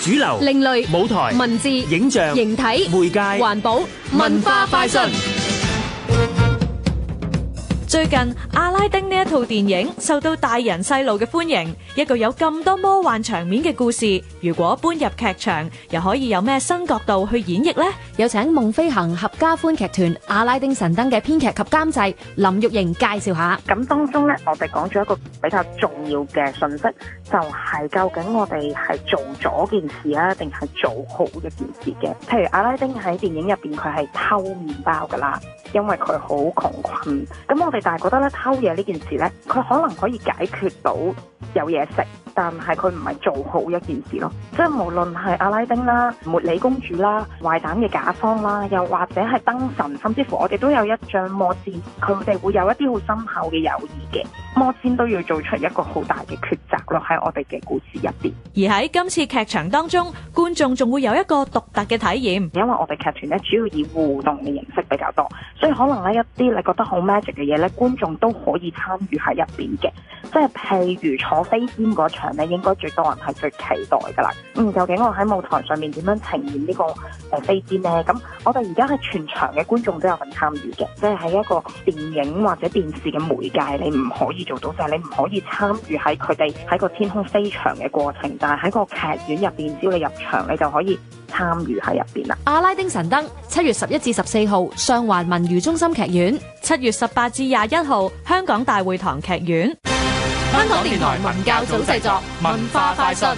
主流、另類、舞台、文字、影像、形體、媒介、環保、文化、快訊。最近《阿拉丁》呢一套電影受到大人細路嘅歡迎，一個有咁多魔幻場面嘅故事，如果搬入劇場，又可以有咩新角度去演繹咧？有請夢飛行合家歡劇團《阿拉丁神燈》嘅編劇及監製林玉瑩介紹下。咁當中咧，我哋講咗一個比較重要嘅信息，就係究竟我哋係做咗件事啊，定係做好一件事嘅？譬如《阿拉丁》喺電影入邊，佢係偷麵包噶啦，因為佢好窮困。咁我哋。但係覺得咧，偷嘢呢件事咧，佢可能可以解決到有嘢食。但係佢唔係做好一件事咯，即係無論係阿拉丁啦、茉莉公主啦、壞蛋嘅賈方啦，又或者係燈神，甚至乎我哋都有一張魔氈，佢哋會有一啲好深厚嘅友誼嘅魔氈都要做出一個好大嘅抉擇咯，喺我哋嘅故事入邊。而喺今次劇場當中，觀眾仲會有一個獨特嘅體驗，因為我哋劇團咧主要以互動嘅形式比較多，所以可能呢一啲你覺得好 magic 嘅嘢咧，觀眾都可以參與喺入邊嘅。即係，譬如坐飛氈嗰場咧，應該最多人係最期待㗎啦。嗯，究竟我喺舞台上面點樣呈現呢個誒飛氈呢？咁、嗯、我哋而家係全場嘅觀眾都有份參與嘅，即係喺一個電影或者電視嘅媒介，你唔可以做到，就係你唔可以參與喺佢哋喺個天空飛翔嘅過程。但係喺個劇院入邊，只要你入場，你就可以參與喺入邊啦。阿拉丁神燈，七月十一至十四號，上環文娛中心劇院；七月十八至廿一號，香港大會堂劇院。香港電台文教組製作《文化快訊》。